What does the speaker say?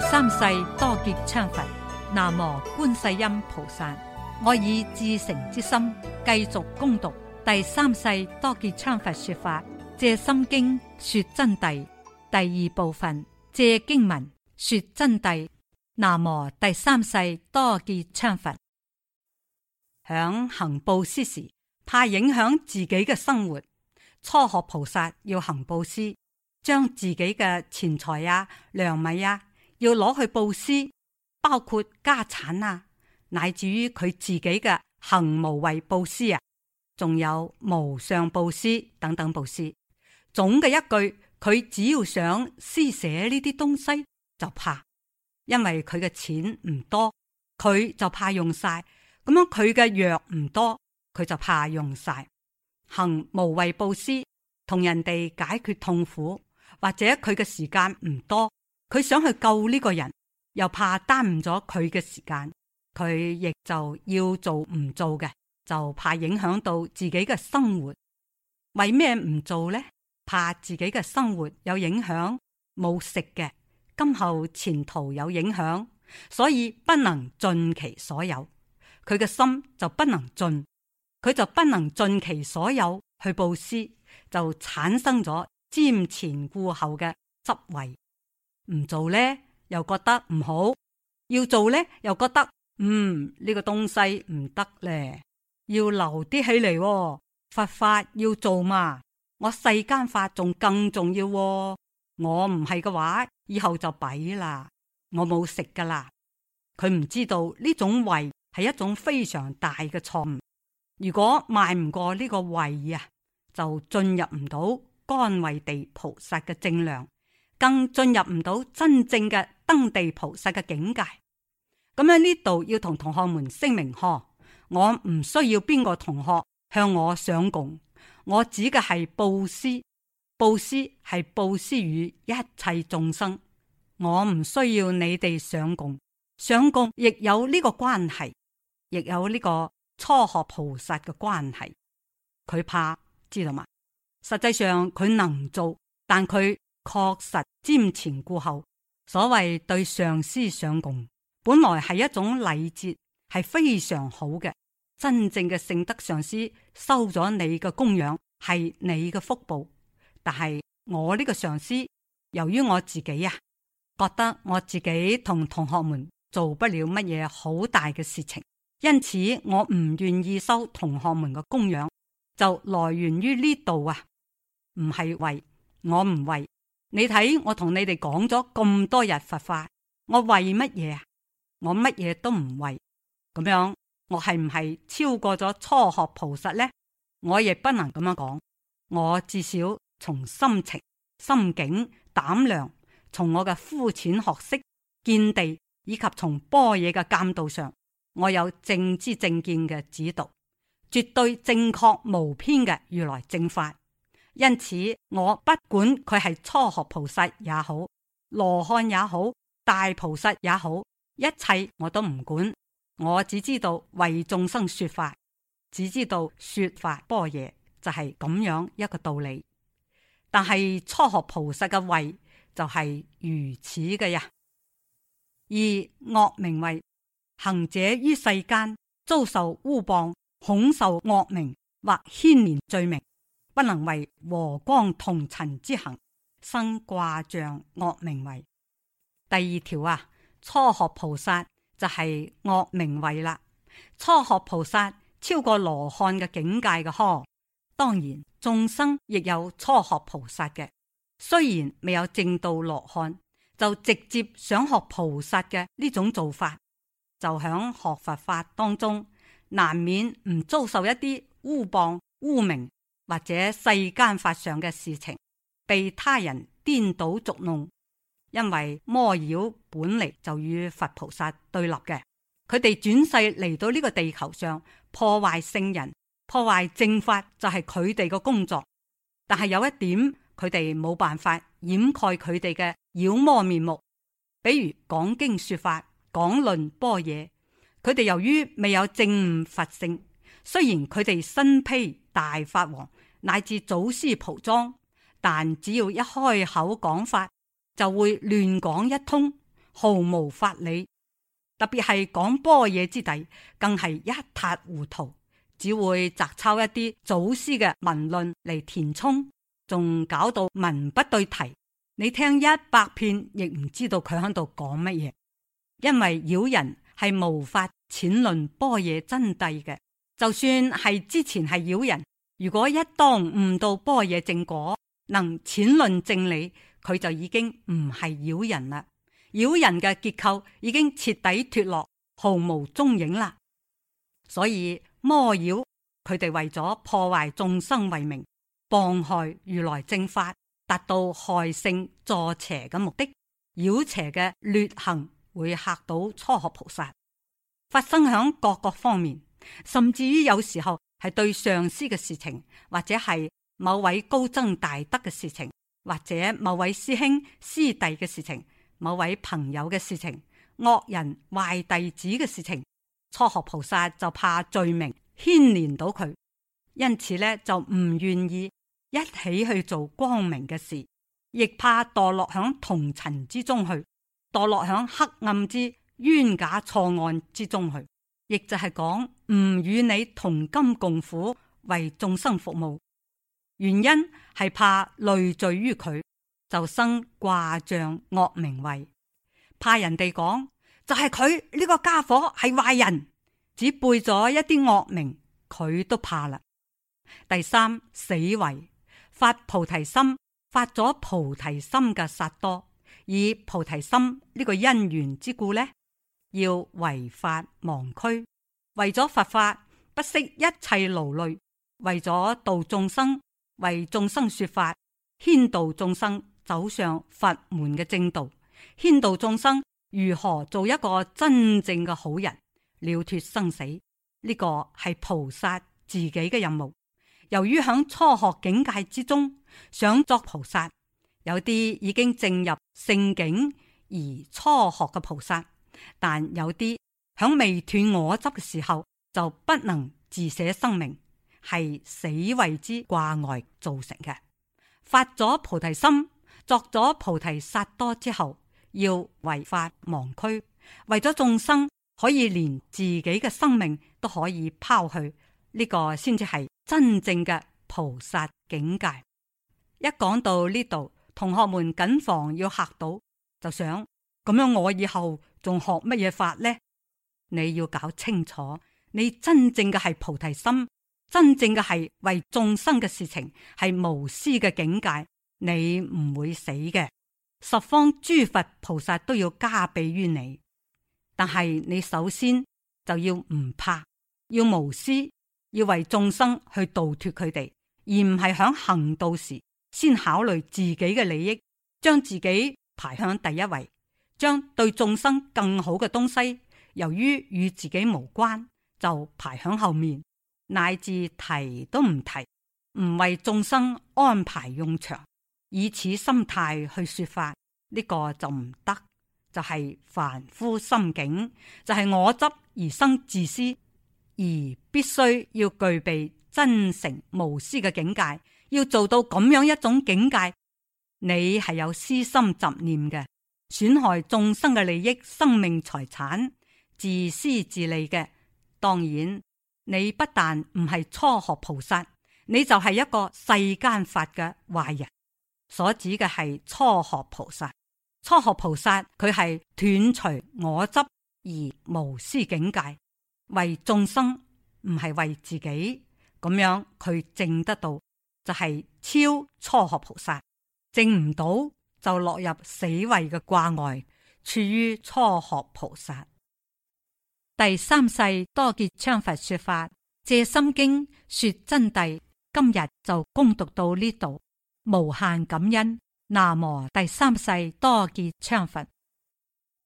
第三世多杰羌佛，南無觀世音菩薩。我以至誠之心繼續攻讀第三世多杰羌佛說法，借心經說真諦第二部分，借經文說真諦。南無第三世多杰羌佛。響行布施時，怕影響自己嘅生活，初學菩薩要行布施，將自己嘅錢財呀、良米呀。要攞去布施，包括家產啊，乃至於佢自己嘅行無畏布施啊，仲有無上布施等等布施。總嘅一句，佢只要想施捨呢啲東西，就怕，因為佢嘅錢唔多，佢就怕用晒。咁樣佢嘅藥唔多，佢就怕用晒。行無畏布施，同人哋解決痛苦，或者佢嘅時間唔多。佢想去救呢個人，又怕耽誤咗佢嘅時間，佢亦就要做唔做嘅，就怕影響到自己嘅生活。為咩唔做呢？怕自己嘅生活有影響，冇食嘅，今後前途有影響，所以不能盡其所有。佢嘅心就不能盡，佢就不能盡其所有去布施，就產生咗瞻前顧後嘅執位。唔做呢，又覺得唔好；要做呢，又覺得嗯呢，呢個東西唔得咧。要留啲起嚟，哦，佛法要做嘛。我世間法仲更重要，哦。我唔係嘅話，以後就弊啦。我冇食㗎喇。佢唔知道呢種畏係一種非常大嘅錯誤。如果邁唔過呢個畏啊，就進入唔到乾慧地菩薩嘅正量。更進入唔到真正嘅登地菩薩嘅境界。咁喺呢度要同同學們聲明，呵，我唔需要邊個同學向我上供，我指嘅係布施，布施係布施與一切眾生。我唔需要你哋上供，上供亦有呢個關係，亦有呢個初學菩薩嘅關係。佢怕，知道嗎？實際上佢能做，但佢。確實瞻前顧後。所謂對上司上供，本來係一種禮節，係非常好嘅。真正嘅聖德上司收咗你嘅供養，係你嘅福報。但係我呢個上司，由於我自己呀、啊，覺得我自己同同學們做不了乜嘢好大嘅事情，因此我唔願意收同學們嘅供養，就來源於呢度啊，唔係為，我唔為。你睇，我同你哋講咗咁多日佛法，我為乜嘢啊？我乜嘢都唔為，咁樣我係唔係超過咗初學菩薩呢？我亦不能咁樣講，我至少從心情、心境、膽量，從我嘅膚淺學識、見地，以及從般若嘅監道上，我有正知正見嘅指導，絕對正確無偏嘅如來正法。因此，我不管佢係初學菩薩也好，羅漢也好，大菩薩也好，一切我都唔管，我只知道為眾生說法，只知道說法般若，就係咁樣一個道理。但係初學菩薩嘅位就係如此嘅呀。二惡名為行者於世間遭受污謗，恐受惡名或牽連罪名。不能為和光同塵之行生卦象惡名畏。第二條啊，初學菩薩就係惡名畏啦。初學菩薩超過羅漢嘅境界嘅呵，當然眾生亦有初學菩薩嘅，雖然未有正道羅漢，就直接想學菩薩嘅呢種做法，就響學佛法當中難免唔遭受一啲污謗污名。或者世間法上嘅事情被他人顛倒捉弄，因為魔妖本嚟就與佛菩薩對立嘅，佢哋轉世嚟到呢個地球上破壞聖人、破壞正法就係佢哋嘅工作。但係有一點，佢哋冇辦法掩蓋佢哋嘅妖魔面目。比如講經說法、講論般若。佢哋由於未有正悟佛性，雖然佢哋身披大法王。乃至祖師袍裝，但只要一開口講法，就會亂講一通，毫無法理。特別係講般若之諦，更係一塌糊塗，只會摘抄一啲祖師嘅文論嚟填充，仲搞到文不對題。你聽一百遍亦唔知道佢喺度講乜嘢，因為妖人係無法淺論般若真諦嘅。就算係之前係妖人。如果一當悟到般若正果，能淺論正理，佢就已經唔係妖人啦。妖人嘅結構已經徹底脫落，毫無蹤影啦。所以魔妖佢哋為咗破壞眾生慧命，妨害如來正法，達到害聖助邪嘅目的，妖邪嘅劣行會嚇到初學菩薩，發生響各個方面，甚至於有時候。係對上司嘅事情，或者係某位高僧大德嘅事情，或者某位師兄師弟嘅事情，某位朋友嘅事情，惡人壞弟子嘅事情，初學菩薩就怕罪名牽連到佢，因此呢，就唔願意一起去做光明嘅事，亦怕墮落響同塵之中去，墮落響黑暗之冤假錯案之中去。亦就係講唔與你同甘共苦，為眾生服務，原因係怕累贅於佢，就生掛像惡名為，怕人哋講就係佢呢個家伙係壞人，只背咗一啲惡名，佢都怕啦。第三死為發菩提心，發咗菩提心嘅薩多，以菩提心呢個因緣之故呢，要違法忘軀，為咗佛法不惜一切勞累，為咗度眾生，為眾生說法，牽導眾生走上佛門嘅正道，牽導眾生如何做一個真正嘅好人，了脱生死。呢、這個係菩薩自己嘅任務。由於響初學境界之中，想作菩薩，有啲已經進入聖境而初學嘅菩薩。但有啲響未斷我執嘅時候，就不能自捨生命，係死為之掛礙造成嘅。發咗菩提心，作咗菩提薩多之後，要為法忘軀，為咗眾生可以連自己嘅生命都可以拋去，呢個先至係真正嘅菩薩境界。一講到呢度，同學們謹防要嚇到，就想，咁樣我以後仲學乜嘢法呢？你要搞清楚，你真正嘅係菩提心，真正嘅係為眾生嘅事情，係無私嘅境界。你唔會死嘅，十方諸佛菩薩都要加被於你。但係你首先就要唔怕，要無私，要為眾生去度脫佢哋，而唔係響行道時先考慮自己嘅利益，將自己排向第一位。將對眾生更好嘅東西，由於與自己無關，就排喺後面，乃至提都唔提，唔為眾生安排用場，以此心態去說法，呢個就唔得，就係凡夫心境，就係我執而生自私，而必須要具備真誠無私嘅境界，要做到咁樣一種境界，你係有私心雜念嘅。損害眾生嘅利益、生命、財產，自私自利嘅，當然你不但唔係初學菩薩，你就係一個世間法嘅壞人。所指嘅係初學菩薩，初學菩薩佢係斷除我執而無私境界，為眾生唔係為自己咁樣，佢證得到就係超初學菩薩，證唔到。就落入死位嘅掛礙，處於初學菩薩。第三世多杰羌佛說法，藉心經說真諦。今日就恭讀到呢度，無限感恩。南無第三世多杰羌佛。